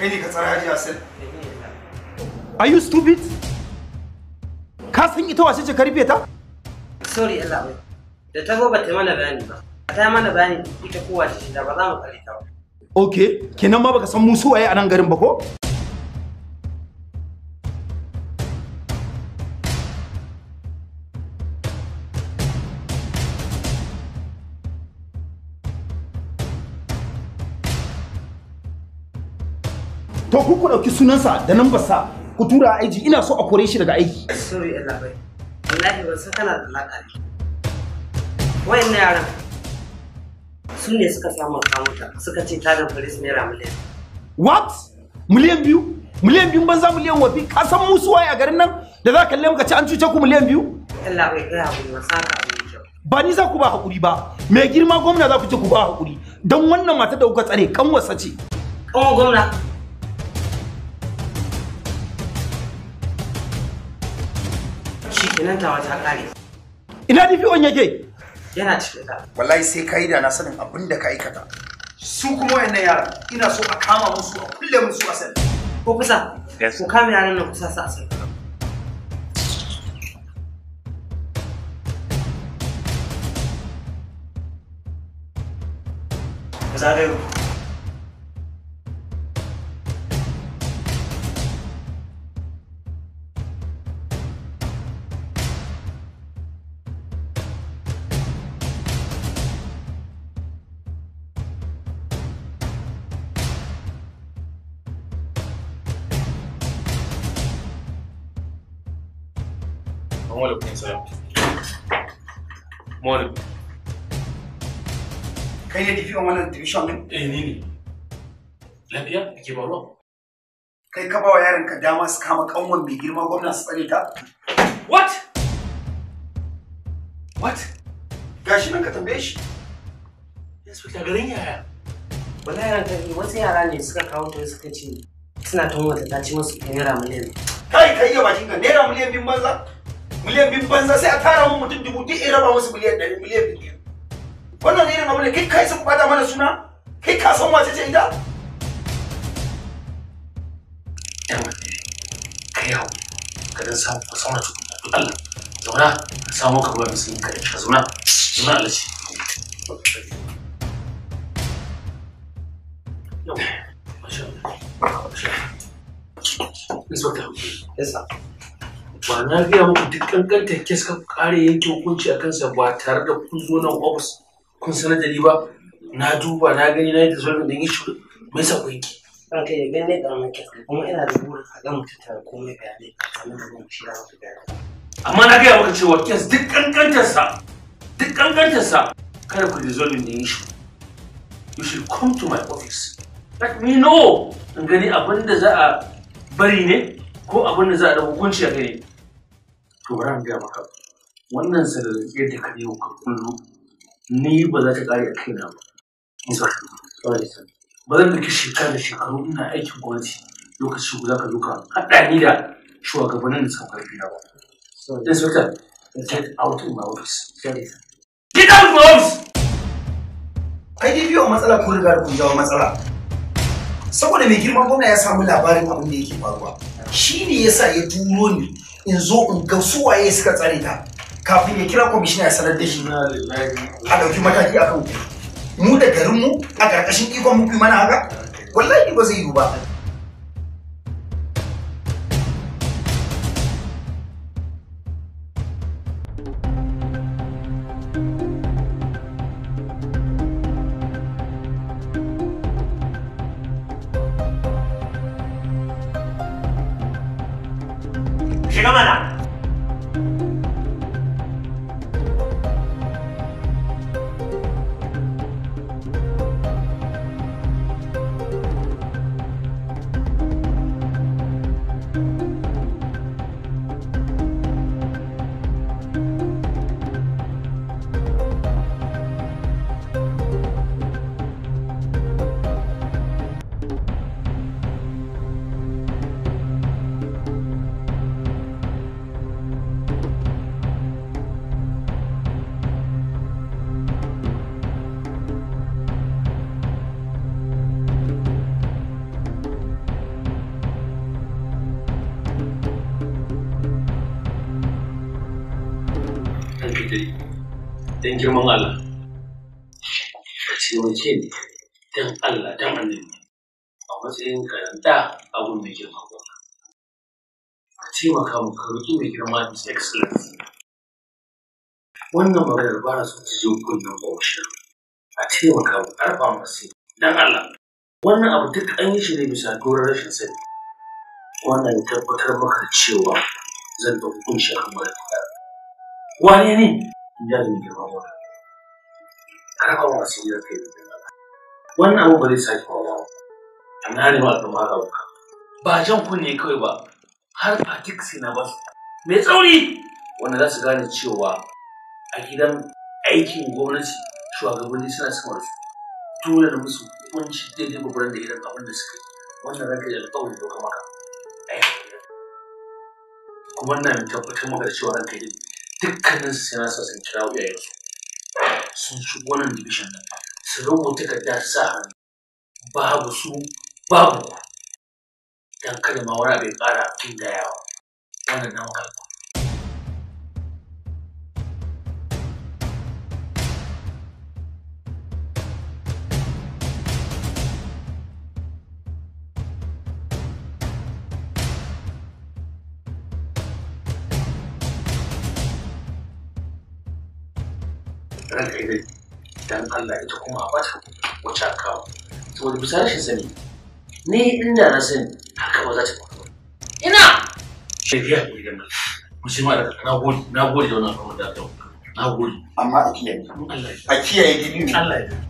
kai ne ka tsara hajiya sai are you stupid ka san ita wace ce ka rufe ta sorry Allah bai da ta zo ba ta mana bayani ba ta mana bayani ita kowa ce da ba za mu kare ta ba okay kenan ma baka san mu su waye a nan garin ba ko to ku ku dauki sunansa da nambarsa ku tura aiki ina so a kore shi daga aiki sorry Allah bai wallahi ban san kana da alaka ne wayannan yaran su ne suka samu kamuta suka ce tarin faris naira miliyan what miliyan biyu miliyan biyu banza miliyan wafi ka san musu waye a garin nan da za ka kalle muka ci an cuce ku miliyan biyu Allah bai ga hakuri ba saka ba ni za ku ba hakuri ba mai girma gwamna za ku ce ku ba hakuri don wannan mata da kuka tsare kanwarsa ce kanwar gwamna kenan tawa ta kare ina DPO'n yake yana cikin ta wallahi sai kai da na sanin abin da ka aikata su kuma wayannan yaran ina so a kama musu a kulle musu asali ko kusa ko kama yaran nan kusa sa asali Zagayo. alaikum salam Morning. Kai ne tafi wannan division din? Eh ni ne. Lafiya kake ba Kai ka bawa yaron ka dama su kama kanwan mai girma gwamna su tsare ta? What? What? Gashi nan ka tambaye shi. Ya su ta garin yaya. Wala yaran ka wasu yara ne suka kawo ta suka ce suna wata ta ci musu naira miliyan. Kai kai ya bakin ka naira miliyan bin banza? miliyan biyu banza sai a tara mu mutum dubu duk in raba musu miliyan ɗari miliyan biyu wannan irin abu ne kai kai sun bada mana suna kai ka san wace ce ita kai hau ka dan samu ka sauna tukun da Allah zauna ka samu ka ruwa musu ka ka zauna zauna alashi Allah. Masha Yes, sir. ba na gaya muku duk kankantar kes ka kare yanke hukunci a kansa ba tare da kun zo nan ofis kun sanar da ni ba na duba na gani na yi tasirin da issue mai sa kun ki. Ranka ya gane ƙaramin kes kuma ina da burin a ga mutum tare komai bayanai sannan da zan shi wasu bayanai. Amma na gaya maka cewa kes duk kankantarsa duk kankantarsa kada ku da the issue. You should come to my office. Let me know in gani abin da za a bari ne ko abin da za a da hukunci a gani. to bari an gaya maka wannan sararrike da ka yau ka kullu ni ba za ta ƙare a kaina ba ba zan ɗauki shekara da shekaru ina aikin gwamnati lokaci guda ka zo ka haɗa ni da shugabannin da suka karfi na ba dan sauta get out of my office get out of my office ai dai biyo matsala ko riga da kun jawo matsala saboda mai girman gwamna ya samu labarin abin da yake faruwa shi ne yasa ya turo ni in zo in ga suwaye suka tsare ta kafin ya kira kwamishina ya sanar da shi a ɗauki mataki a kan mu da garinmu a ƙarƙashin ikon mu mana haka wallahi ba zai yiwu ba 제가말합 kai don girman Allah A taimake ne, don Allah don annabi a matsayin ka da abun mai girma ko ka taimaka mu ka mai girma his excellency wannan maganar ba na so su ji kunnen ƙoshin a taimaka mu karɓa masu don Allah wannan abu duk an yi shi ne bisa doron rashin sani wannan ya tabbatar maka cewa zan ɗauki kunshi a hankali wane ne ya zo girma maka wa masu yi da kai abu ba zai sake faruwa ba a nane ma al'umma da wuka ba jan kunne kawai ba har fatiksi na basu mai tsauri wanda za su gane cewa a gidan aikin gwamnati shugabanni suna samar su musu kunci daidai gwamnati da irin abin da suka yi wannan ranka da doka maka kuma nan tabbatar maka da cewa ranka dukkanin su sa sun kira iyayensu sun shigo nan division nan su rubuta takarda su sa hannu babu su babu dan kada ma wani bai ƙara kin gayawa wannan na ranka ya dan Allah ita kuma a bata wacce a kawo saboda bisa rashin sani ni ina na sani haka ba za ta faru ina shirya ne da mai mushi da na gode na gode da wannan da ta na gode amma a kiyaye a kiyaye gidi ne Allah ya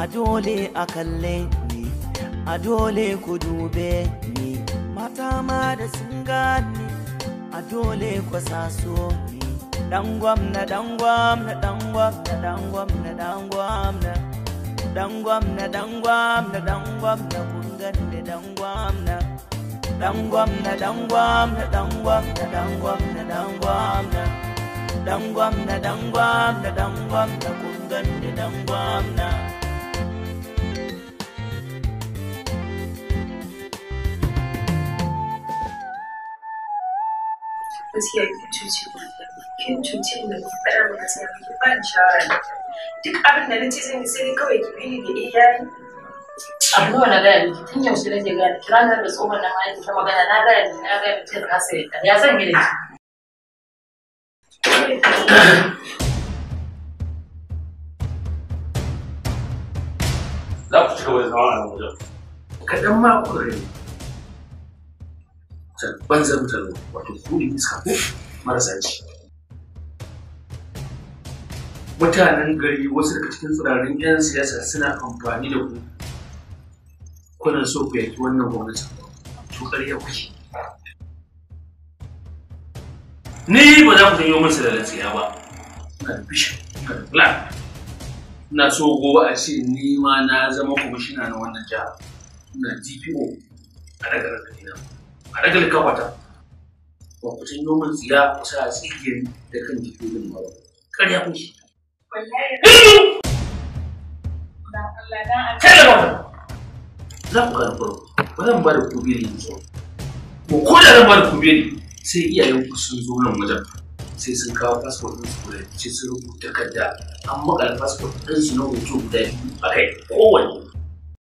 a dole a kalle ni a dole ku dube ni mata ma da sun gani a dole ku saso ni dan gwamna dan gwamna dan gwamna dan gwamna dan gwamna dan gwamna dan gwamna dan gwamna kun ganni dan gwamna dan gwamna dan gwamna dan gwamna dan gwamna dan gwamna dan gwamna dan gwamna dan gwamna kun ganni dan gwamna gaskiya ki cuce kin cuce ni ki faɗa min gaskiya ki ba ni shawara duk abin da nace zan yi sai kawai ki bi da iyayen abu na gaya miki tun yaushe nake gaya miki ranar da tsohon nan ma ta magana na gaya miki na gaya miki na kasa yadda ya san yi da ki za ku ci gaba da zama a wajen kaɗan ma ku zan mutane wato kuri iska ko marasa ci mutanen gari wasu daga cikin tsirarin 'yan siyasa suna amfani da ku kuna so ku yaki wannan gwamnati to ƙarya kuke ni ba za ku janyo min da tsiya ba ina da bishin ina da plan ina so gobe a ce ni ma na zama kwamishina na wannan jihar ina dpo a daga ranka a daga kawata ba ku tun noman tsira ku sa tsigiyar da kan jikin ba karya kun shi kada ba za ku karɓar ba zan ba da ku biyar yanzu ko ko da zan ba da ku ne. sai iyayen ku sun zo nan wajen sai sun kawo fasfot ɗin su kula, ce sun rubuta kadda an maƙala fasfot ɗin su na hoto guda biyu a kai kowanne